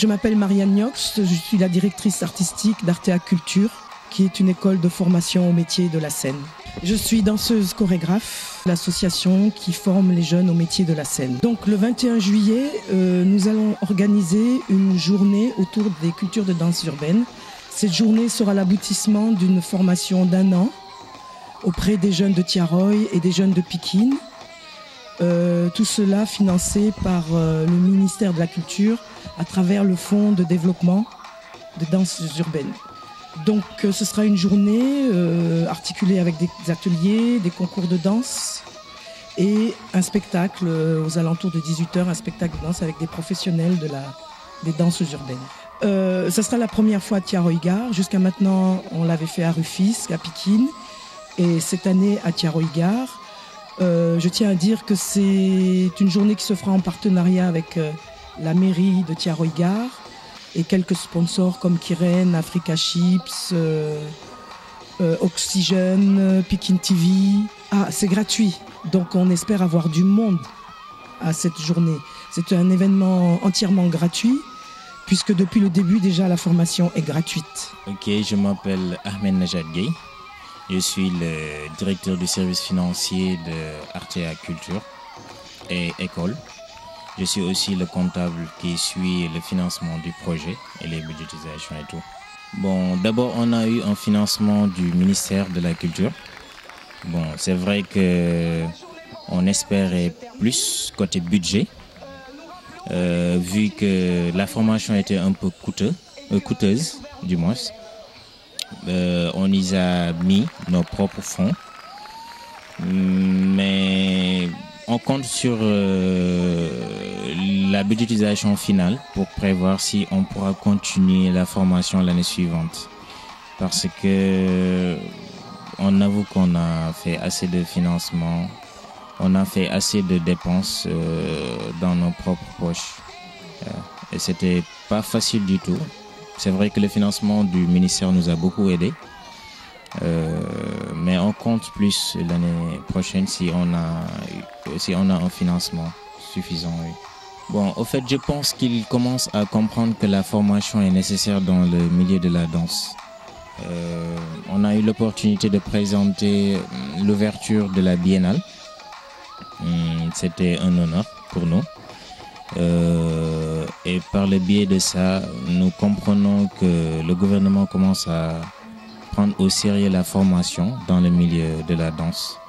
Je m'appelle Marianne Niox, je suis la directrice artistique d'Artea Culture, qui est une école de formation au métier de la scène. Je suis danseuse chorégraphe, l'association qui forme les jeunes au métier de la scène. Donc le 21 juillet, euh, nous allons organiser une journée autour des cultures de danse urbaine. Cette journée sera l'aboutissement d'une formation d'un an auprès des jeunes de Tiaroy et des jeunes de Pikine. Euh, tout cela financé par euh, le ministère de la Culture à travers le Fonds de développement de danses urbaines. Donc euh, ce sera une journée euh, articulée avec des ateliers, des concours de danse et un spectacle euh, aux alentours de 18h, un spectacle de danse avec des professionnels de la, des danses urbaines. Euh, sera la première fois à Tiaroigar. Jusqu'à maintenant, on l'avait fait à Rufis, à Pikine, et cette année à Tiaroigar. je tiens à dire que c'est une journée qui se fera en partenariat avec la mairie de Tiaroigar et quelques sponsors comme Kiren, Africa Chips, Oxygène, Pekin TV. Ah, c'est gratuit, donc on espère avoir du monde à cette journée. C'est un événement entièrement gratuit puisque depuis le début déjà la formation est gratuite. Ok, je m'appelle Ahmed Najad Gay. Je suis le directeur du service financier de Artea Culture et École. Je suis aussi le comptable qui suit le financement du projet et les budgétisations et tout. Bon, d'abord, on a eu un financement du ministère de la Culture. Bon, c'est vrai que on espérait plus côté budget, euh, vu que la formation était un peu coûteux, euh, coûteuse, du moins. Euh, on y a mis nos propres fonds, mais on compte sur euh, la budgétisation finale pour prévoir si on pourra continuer la formation l'année suivante. Parce que on avoue qu'on a fait assez de financement, on a fait assez de dépenses euh, dans nos propres poches. Euh, et c'était pas facile du tout. C'est vrai que le financement du ministère nous a beaucoup aidé. mais on compte plus l'année prochaine si on a si on a un financement suffisant, Bon, au fait, je pense qu'ils commencent à comprendre que la formation est nécessaire dans le milieu de la danse. Euh, on a eu l'opportunité de présenter euh, l'ouverture de la biennale. Hum, c'était un honneur pour nous. Euh, et par le biais de ça, nous comprenons que le gouvernement commence à prendre au sérieux la formation dans le milieu de la danse.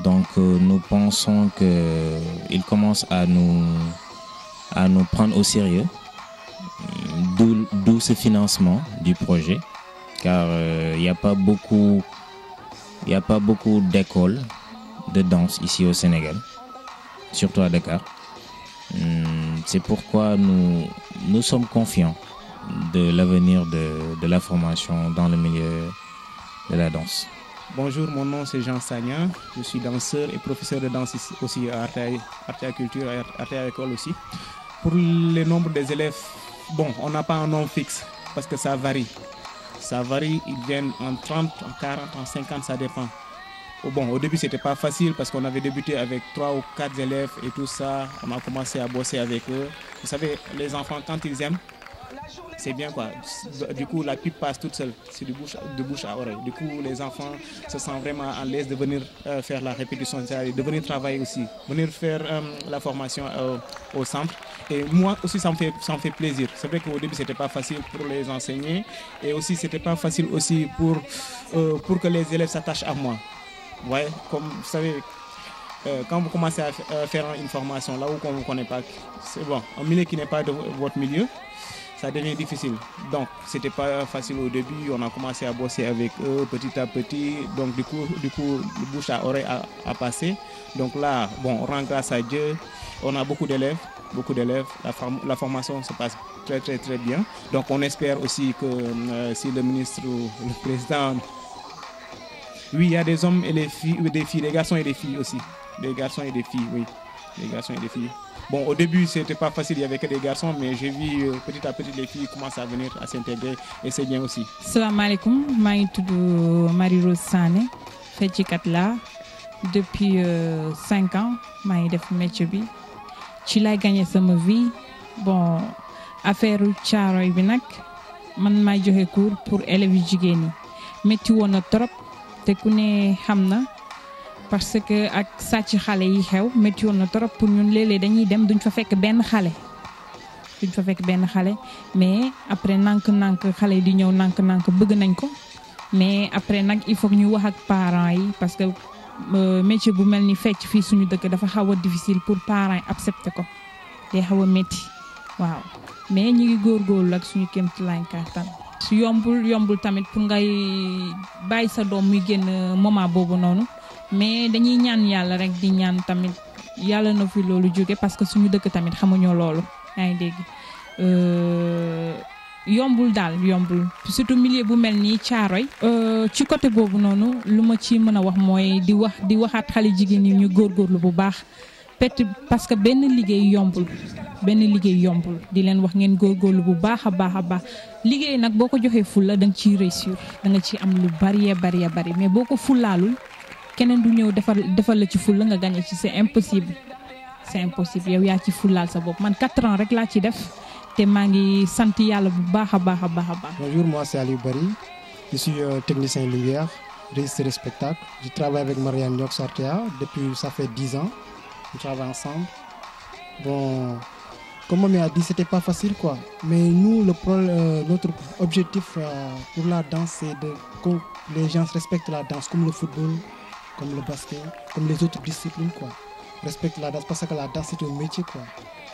Donc euh, nous pensons qu'il commence à nous, prendre au sérieux, d'où ce financement du projet, car il euh, n'y a pas beaucoup, beaucoup d'écoles de danse ici au Sénégal, surtout à Dakar. Hmm, c'est pourquoi nous, sommes confiants de l'avenir de la formation dans le milieu de la danse. Bonjour, mon nom c'est Jean Sagnan. Je suis danseur et professeur de danse aussi à Artea Culture à Artea École aussi. Pour le nombre des élèves, bon, on n'a pas un nom fixe parce que ça varie. Ça varie, ils viennent en 30, en 40, en 50, ça dépend. Bon, au début, c'était pas facile parce qu'on avait débuté avec 3 ou 4 élèves et tout ça. On a commencé à bosser avec eux. Vous savez, les enfants, quand ils aiment, c'est bien quoi. Du coup, la pipe passe toute seule, c'est de bouche, à oreille. Du coup, les enfants se sentent vraiment à l'aise de venir euh, faire la répétition, de venir travailler aussi, venir faire euh, la formation euh, au centre. Et moi aussi, ça me fait, ça fait plaisir. C'est vrai qu'au début, ce n'était pas facile pour les enseignants, et aussi, ce n'était pas facile aussi pour, pour que les élèves s'attachent à moi. Ouais, comme vous savez, quand vous commencez à faire une formation là où on ne connaît pas, c'est bon, un milieu qui n'est pas de votre milieu ça devient difficile. Donc, c'était pas facile au début. On a commencé à bosser avec eux petit à petit. Donc, du coup, du coup, le bouche à oreille a, passé. Donc là, bon, on rend grâce à Dieu. On a beaucoup d'élèves, beaucoup d'élèves. La, la, formation se passe très, très, très bien. Donc, on espère aussi que euh, si le ministre ou le président oui, il y a des hommes et des filles, des filles, des garçons et des filles aussi. Des garçons et des filles, oui les garçons et les filles. Bon, au début, c'était pas facile, il y avait que des garçons, mais j'ai vu euh, petit à petit les filles commencent à venir, à s'intégrer, et c'est bien aussi. Salam alaikum, je euh, suis Marie-Rose Sane, fetikat là. Depuis 5 euh, ans, je suis métier. Je gagné ma vie. Bon, affaire Tcharoy Binak, man ma cours pour élèves jigéen Mais metti en as trop te connais Hamna. parce que ak sàcc xale yi xew métti woon na trop pour ñun léeg-léeg dañuy dem duñ fa fekk benn xale duñ fa fekk benn xale mais après nànk-nànk xale yi di ñëw nànk-nànk bëgg nañ ko mais après nag il faut ñuy wax ak parent yi parce que euh, métier bu mel ni fecc fii suñu dëkk dafa xaw a difficile pour parents yi accepter ko day xaw a métti waaw mais ñu ngi góor góorgóorlu ak suñu kéemtalaay kàttan su yombul yombul tamit pour ngay bàyyi sa doom muy génn moment boobu noonu. mais dañuy ñaan yàlla rek di ñaan tamit yàlla na fi loolu jóge parce que suñu dëkk tamit xamuñoo loolu yaa ngi dégg euh, yombul daal yombul surtout milieu bu mel nii caaroy euh, ci côté boobu noonu lu ma ci mën a wax mooy di wax di waxaat xale jigéen yi ñu góor góorgóorlu bu baax pet parce que benn liggéey yombul benn liggéey yombul di leen wax ngeen góor góorlu bu baax a baax a baax liggéey nag boo ko joxee fulla la nga ciy réussir da nga ciy am lu bari bari bari mais boo keneen du ñëw defal defal la ci la nga c'est impossible c'est impossible il y a fullaal sa bopp man 4 ans rek laa ci def te maa ngi sant yàlla bu baax a baax baax bonjour moi c'est Aliou Barry je suis euh, technicien lumière régisseur spectacle je travaille avec Marianne Ndiok Sartea depuis ça fait 10 ans on travaille ensemble bon comme on m'a dit c'était pas facile quoi mais nous le euh, notre objectif euh, pour la danse c'est que les gens respectent la danse comme le football comme le basket, comme les autres disciplines. Quoi. Respecte la danse parce que la danse c'est un métier. Quoi.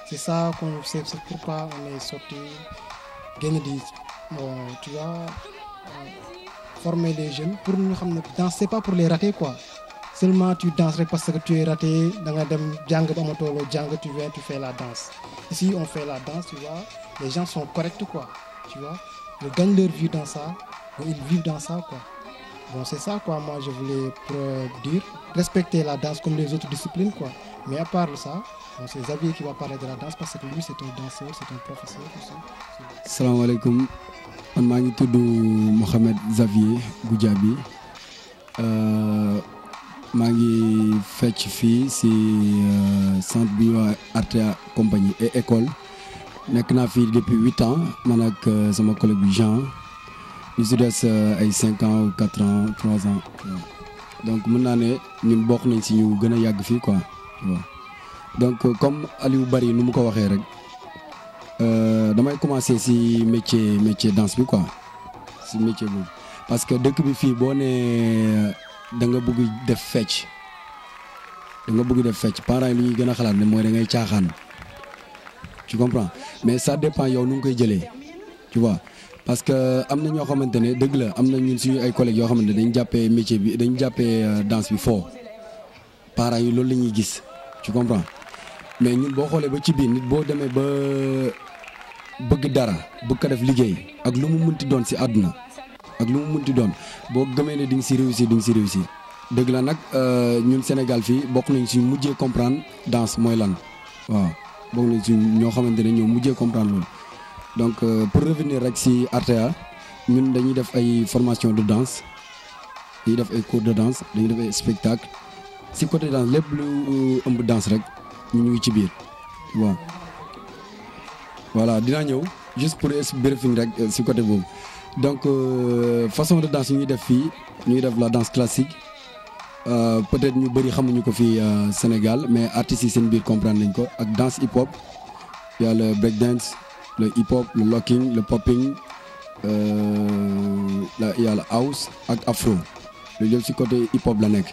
C'est ça qu'on sait, c'est pourquoi on est sorti, gagner des. Euh, tu vois, euh, former les jeunes pour nous, pas pour les rater quoi seulement tu danserais parce que tu es raté dans tu viens tu fais la danse ici on fait la danse tu vois les gens sont corrects quoi tu vois ils gagnent leur vie dans ça ils vivent dans ça quoi c'est ça, quoi, moi, je voulais dire. Respecter la danse comme les autres disciplines, quoi. Mais à part ça, c'est Xavier qui va parler de la danse parce que lui, c'est un danseur, c'est un professeur. Salam alaikum. je suis Mohamed Xavier Goudiaby Je suis ici, c'est si euh, centre de compagnie et école Je suis depuis 8 ans je euh, suis sama collègue Jean ñu si des ay ans 4 ans 3 ans donc mën naa ne ñun nañ si ñu donc euh, comme Aliou Bari nu ko rek euh, commencé métier métier danse quoi parce que dëkk bi fii boo nee euh, da nga bëgg def fecc da nga bëgg def parents xalaat mooy tu comprends mais ça dépend yow nu koy tu vois parce que am na ñoo xamante ne dëgg la am na ñun suñu ay collègues yoo xamante ne dañu jàppee métier bi dañu jàppee euh, danse bi foo parents yi loolu la ñuy gis ci comprends mais ñun boo xoolee ba ci biir nit boo demee ba bëgg dara bëgg ko def liggéey ak lu mu munti doon si àdduna ak lu mu mënti doon boo gëmee ne di nga si réussir di nga si réussir dëgg la nag euh, ñun Sénégal fii bokk nañu si mujjee comprendre danse mooy lan waaw bokk nañ si ñoo xamante ne ñoo mujjee comprendre loolu. donc euh, pour revenir à si Artea ñun dañuy def ay formation de danse des cours de danse dañuy def ay spectacle si côté danse lépp lu euh, ëmb danse rek ñu ngi ci biir voilà dina juste pour briefing rek euh, si côté Donc donc façon de danse nous ñuy def la danse classique peut-être ñu bëri xamuñu ko au Sénégal mais artistes yi seen biir comprendre nañ ko ak danse hip hop il y a le break dance le hip-hop, le locking, le popping, euh, il y a le house ak afro. Le jëm du côté hip-hop la nekk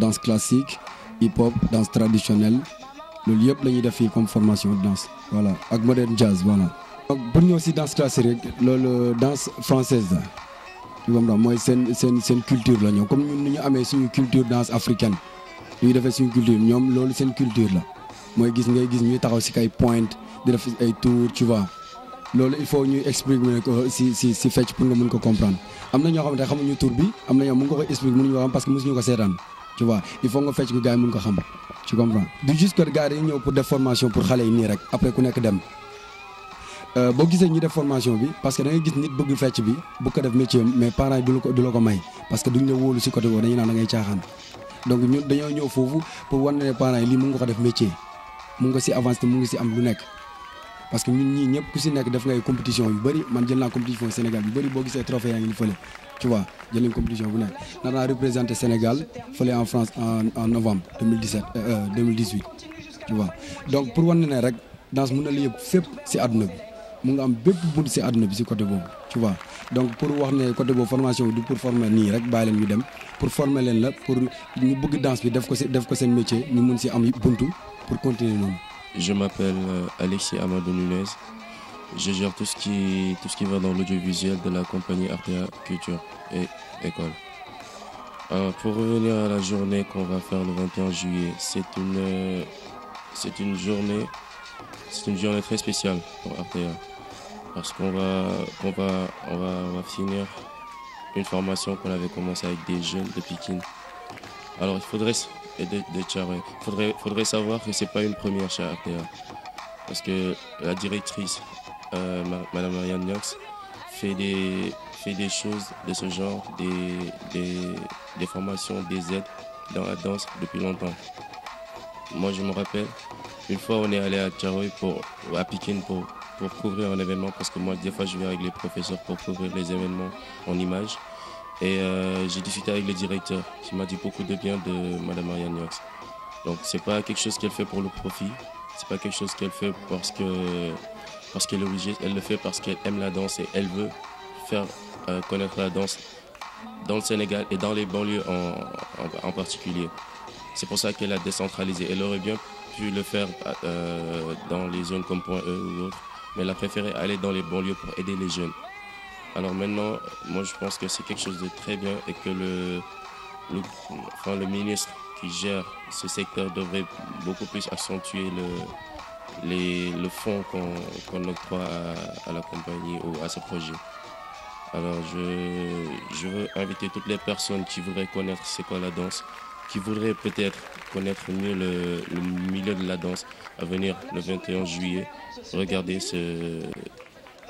danse classique hip-hop danse traditionnelle le yëpp la ñuy def comme formation de danse voilà ak moderne jazz voilà. pour nous aussi danse classique le danse française C'est une, culture la comme nous avons ñu une culture danse africaine ñu avons une culture Nous avons une culture la culture. gis ngay gis ñuy taxaw avons kay pointe di def ay tour tu vois loolu il faut ñu expliquer ko si si si fecc pour nga mën ko comprendre amna na ñoo xamante ne xamuñu tour bi amna na ñoo mën ko expliquer mënuñu ñu xam parce que mësu ñu ko seetaan tu vois il faut nga fecc ko gars yi mën ko xam tu comprends du juste que gars yi ñëw pour def formation pour xalé yi nii rek après ku nekk dem euh bo gisé ñu def formation bi parce que da ngay gis nit bëgg fecc bi bu ko def métier mais parents du la ko du ko may parce que duñ la wolu ci côté boobu dañuy naan da ngay caaxaan donc ñu dañoo ñëw fofu pour wone ne parents yi lii mën ko def métier mën nga si avancer mu ngi si am lu nekk parce que nous ñii ñëpp ku si nekk def ngay compétition yu man jël compétition Sénégal yu bari trophée yaa ngi tu vois jël compétition bu Sénégal en France en novembre 2017 2018 euh, euh, tu vois donc pour wan ne rek danse c'est na bi mu nga am tu vois donc pour wax ne formation du pour former rek pour former leen la pour ñu bëgg danse bi ko métier ñu mun am buntu pour continuer je m'appelle euh, Alexis Amado Nunez. Je gère tout ce qui, tout ce qui va dans l'audiovisuel de la compagnie Artea Culture et École. Euh, pour revenir à la journée qu'on va faire le 21 juillet, c'est une, c'est une journée, c'est une journée très spéciale pour Artea parce qu'on va, on va, finir une formation qu'on avait commencé avec des jeunes de Pékin. Alors il faudrait et de Il Faudrait, savoir que ce n'est pas une première charrette, parce que la directrice, euh, Mme Madame Marianne fait des, fait des choses de ce genre, des, des, formations, des aides dans la danse depuis longtemps. Moi, je me rappelle, une fois, on est allé à Tcharoy pour, à Pékin pour, pour couvrir un événement, parce que moi, des fois, je vais avec les professeurs pour couvrir les événements en images. Et euh, j'ai discuté avec le directeur qui m'a dit beaucoup de bien de Madame Marianne Donc c'est pas quelque chose qu'elle fait pour le profit, c'est pas quelque chose qu'elle fait parce que parce qu'elle est obligée, elle le fait parce qu'elle aime la danse et elle veut faire euh, connaître la danse dans le Sénégal et dans les banlieues en, particulier. C'est pour ça qu'elle a décentralisé. Elle aurait bien pu le faire euh, dans les zones comme Point E ou autre, mais elle a préféré aller dans les banlieues pour aider les jeunes. Alors maintenant, moi je pense que c'est quelque chose de très bien et que le, le, ministre qui gère ce secteur devrait beaucoup plus accentuer le, le fonds qu'on octroie à, la compagnie ou à ce projet. Alors je, veux inviter toutes les personnes qui voudraient connaître c'est quoi la danse, qui voudraient peut-être connaître mieux le, le milieu de la danse, à venir le 21 juillet, regarder ce,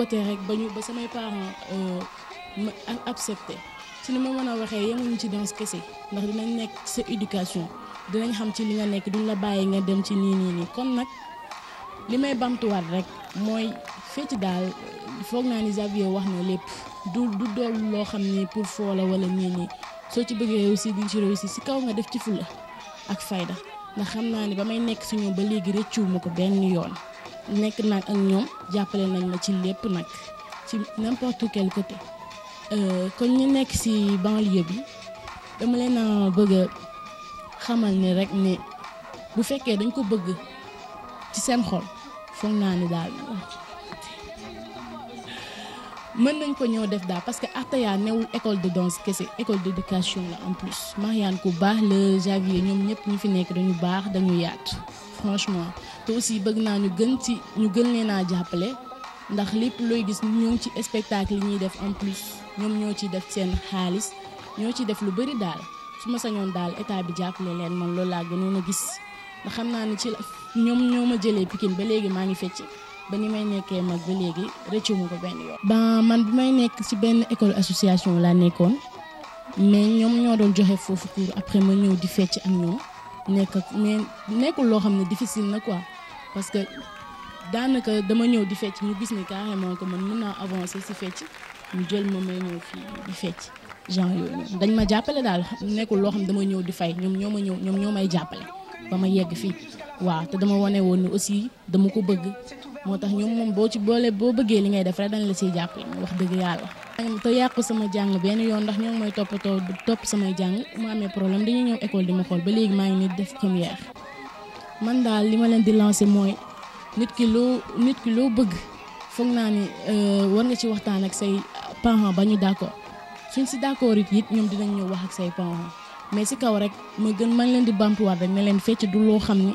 côté rek bañu ba samay parents euh, ma accepté ci ni ma mën waxé waxee ci danse kese ndax dinañ nek sa éducation dinañ xam ci li nga nek duñ la bàyyi nga dem ci ni ni ni kon nak limay may wat rek moy fecc dal foog naa ni Xavier wax na lépp du du dool loo xam pour foo wala nii nii soo ci bëggee aussi di ci réussi ci kaw nga def ci fula ak fayda ndax xam naa ni ba may nekk suñu ba léegi rëccu ma ko benn yoon. nekk nag ak ñoom jàppale nañ ma ci lépp nag ci n'importe quel côté euh, kon ñu nekk si banlieue bi dama leen a xamal ni rek ne bu fekkee dañ ko bëgg ci seen xol foog naa ni daal mën nañ ko ñëw def daal parce que Arthaya newul école de danse kese école éducation la en plus Marianne ku baax la Javier ñoom ñëpp ñu fi nekk dañu baax dañu yaatu franchement te aussi bëgg naa ñu gën ci ñu gën leen a jàppale ndax lépp looy gis ñoo ci spectacle yi ñuy def en plus ñoom ñoo ci def seen xaalis ñoo ci def lu bëri daal su ma sañoon daal état bi jàppale leen man loolu laa gënoon a gis ndax xam naa ne ci la ñoom ñoo ma jëlee Pikine ba léegi maa ngi fecc ba ni may nekkee mag ba léegi rëccu mu ko benn yoon. ba man bi may nekk ci benn école association laa nekkoon mais ñoom ñoo doon joxe foofu cours après ma ñëw di fecc ak ñoom nekk ak mais nekkul loo xam ne difficile na quoi parce que daanaka dama ñëw di fecc ñu gis ni carrément que man mën naa avancer ci fecc ñu jël ma may ñëw fii di fecc genre ma jàppale daal nekkul loo xam dama ñëw di fay ñoom ñoo ma ñëw ñoom ñoo may jàppale ba ma yegg fii. waaw te dama wane woon aussi dama ko bëgg moo tax ñoom moom boo ci boole boo bëggee li ngay def rek dañ la siy jàppale wax dëgg yàlla te yàqu sama jàng benn yoon ndax ñoom ngi may toppatoo topp samay jàng mu amee problème dañuy ñëw école di ma xool ba léegi maa ngi nit def yeex man daal li ma leen di lancé mooy nit ki loo nit ki loo bëgg foog naa ni euh, war nga ci waxtaan ak say parents ba ñu d' accord suñ si d' accord it ñoom dinañ ñëw wax ak say parents mais si kaw rek ma gën man leen di bamtuwaat rek ne leen fecc du loo xam ni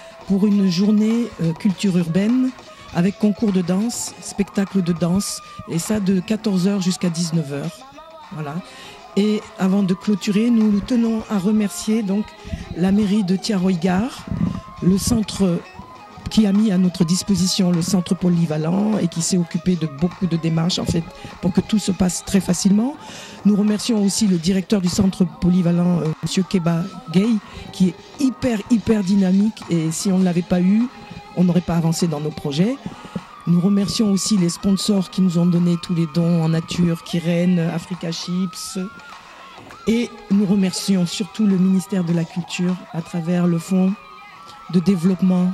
pour une journée euh, culture urbaine avec concours de danse, spectacle de danse, et ça de 14h jusqu'à 19h. Voilà. Et avant de clôturer, nous, tenons à remercier donc la mairie de Thiaroïgar, le centre qui a mis à notre disposition le centre polyvalent et qui s'est occupé de beaucoup de démarches en fait pour que tout se passe très facilement. Nous remercions aussi le directeur du centre polyvalent, M. Euh, Monsieur Keba Gay, qui est hyper, dynamique. Et si on ne l'avait pas eu, on n'aurait pas avancé dans nos projets. Nous remercions aussi les sponsors qui nous ont donné tous les dons en nature, Kiren, Africa Chips. Et nous remercions surtout le ministère de la Culture à travers le Fonds de développement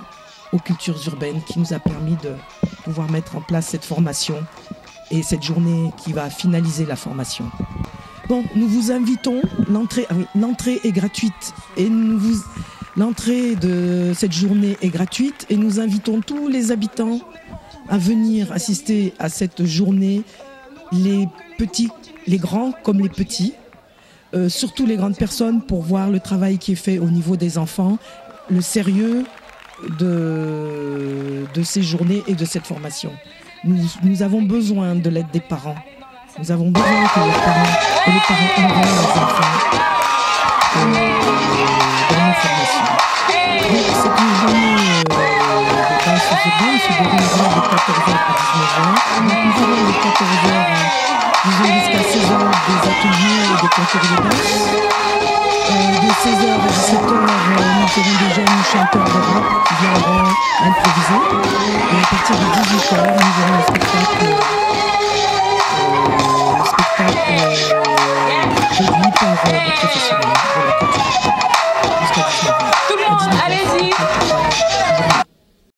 aux cultures urbaines qui nous a permis de pouvoir mettre en place cette formation et cette journée qui va finaliser la formation. Bon, nous vous invitons, l'entrée ah est gratuite et nous vous L'entrée de cette journée est gratuite et nous invitons tous les habitants à venir assister à cette journée, les petits, les grands comme les petits, euh, surtout les grandes personnes pour voir le travail qui est fait au niveau des enfants, le sérieux de, de ces journées et de cette formation. Nous, avons besoin de l'aide des parents. Nous avons besoin que les parents, les enfants. Euh, et des de danse. de 16h euh, à 17h, euh, nous serons des jeunes chanteurs de rap qui viendront improviser. Et à partir de 18h, nous aurons un spectacle, un euh, spectacle produit par professionnels.